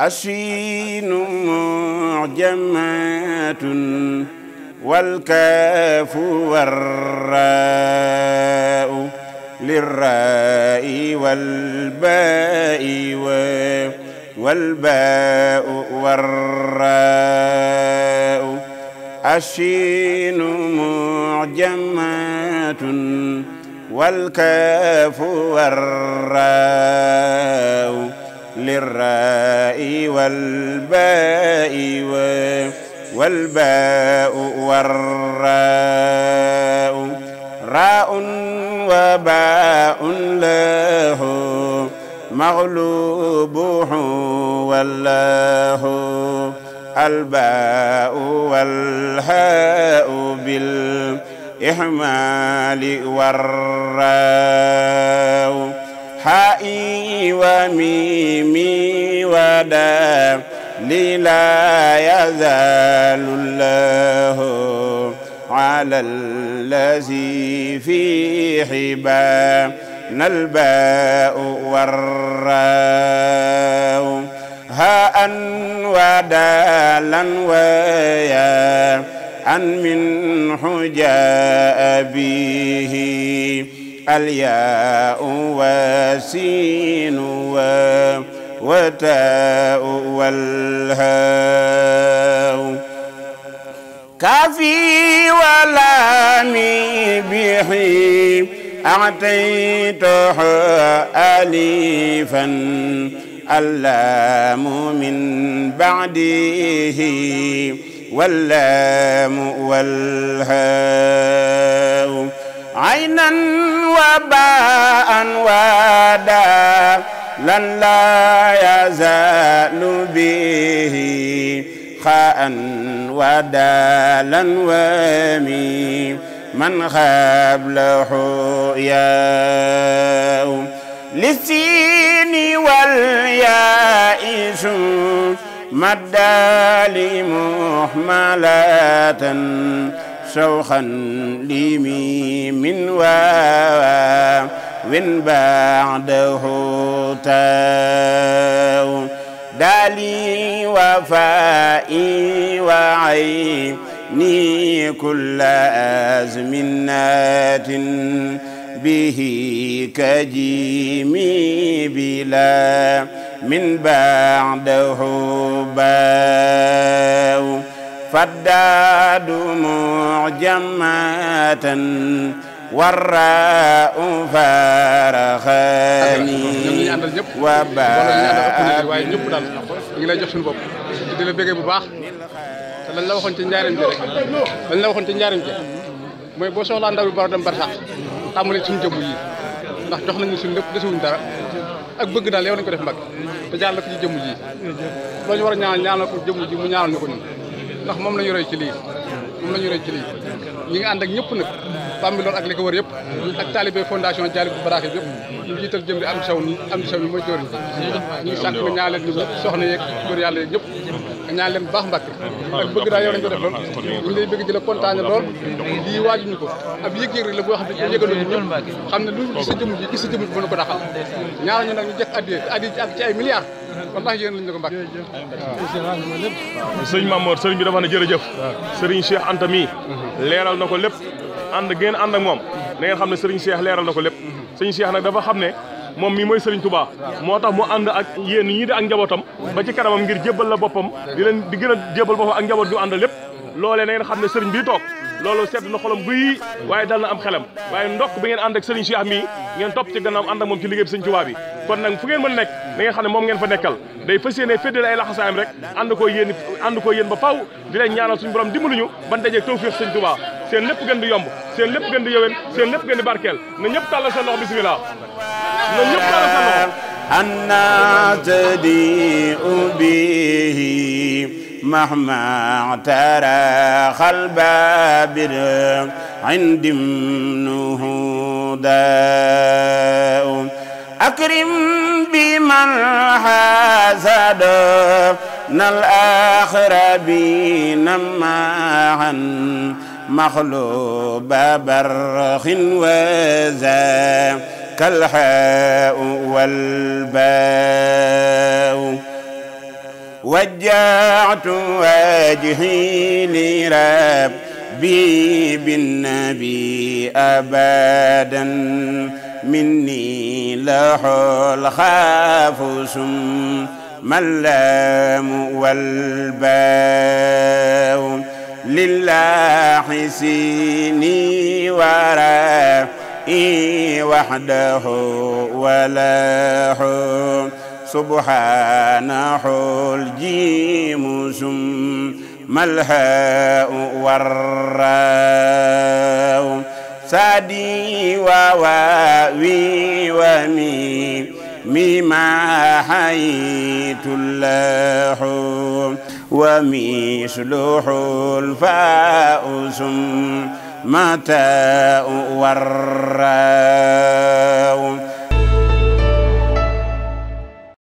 الشين معجمات والكاف والراء للراء والباء والباء والراء الشين معجمات والكاف والراء للراء والباء والباء والراء راء وباء له مغلوبه والله الباء والهاء بالإحمال والراء حائي وميمي ودالي لا يزال الله على الذي في حبان الباء والراء هاء ودالا ويا أن من حجاء به الياء وسين وتاء والهاء كفي ولامي بحي أعطيته أليفا اللام من بعده واللام والهاء عينا وباء وادا لن لا يزال به خاء ودالا ومي من قبله ياء للسين والياء مدى لمحملة شوخا لمي من واو وين بعده تاو دالي وفائي وعيني كل أزمنات به كجيمي بلا من بعده باو فداد معجمة a والراء فارخاني وباء di la bëggee bu baax te lañ la waxoon ci njaarim ji rek la waxoon ci njaarim ji mooy boo soxlaa ndaw bi bara dem barsax tàmbali suñu jëmm yi ndax jox nañu suñu lëpp desuwuñ dara ak bëgg daal yow nañu ko def mbag te jaar la ko ci jëmm ji loo ñu war a ñaanal ñaanal ko jëmm ji mu ñaanal ñu ko nii ndax moom la ñu ci lii moom la ñu ci lii ñi nga ànd ak ñëpp Bambilor ak li ko wër yëpp ak taalibe fondation Dialib Baraxi yëpp ñu jiital jëm di am saw ni am saw ni mooy joriñ ñu sàkk nga ñaan leen ñu ñëpp soxna yeeg góor yàlla yeeg ñëpp nga ñaan leen baax mbàkke ak bëgg la kontaane lool lii waajuñu ko ab yëg-yëg rek la boo xam ne yëgaloo xam ne lu gis sa jëmm gis sa jëmm ji mënu ko daxal ñaar ñu nag ñu jekk addiye addiye ci ci ay milliards wallahi yéen lañ ne ko lépp ànd ngeen ànd ak moom na ngeen xam ne sëriñ Cheikh leeral na ko lépp sëriñ Cheikh nag dafa xam ne moom mii mooy sëriñ Touba moo tax mu ànd ak yéen ñii di ak njabootam ba ci kanamam ngir jébbal la boppam di leen di gën a jébbal boppam ak njaboot yu ànd lépp loole na ngeen xam ne sëriñ bii toog loolu sedd na xolam buy waaye dal na am xelam waaye ndokk bi ngeen ànd ak sëriñ Cheikh mii ngeen topp ci gannaaw ànd ak moom ci liggéey bi sëriñ Touba kon nag fu ngeen mën xam ne moom ngeen fa nekkal day fas yéene féddale ay laxasaayam rek ànd koo yéen ànd koo yéen ba faw di leen suñu borom dimbaluñu ban dajeeg tawfiix sëriñ Touba seen lépp gën di yomb seen lépp gën di yëwén seen lépp gën di barkeel na ñëpp tàllal seen loxo bismillah na ñëpp tàllal seen loxo أنا تديء به مهما ترى خلب بر عند منه داء أكرم بمن حسد الآخر بين معا مخلوب برخ وذاك الحاء والباء وجعت وجهي لربي بالنبي أبدا مني لح الخاف ثم اللام والباء يحسيني ورائي وحده وله سبحانه الجيم ثم الهاء والراء سادي وواوي وميم مما حييت الله ومثله الفاؤس متاء والراو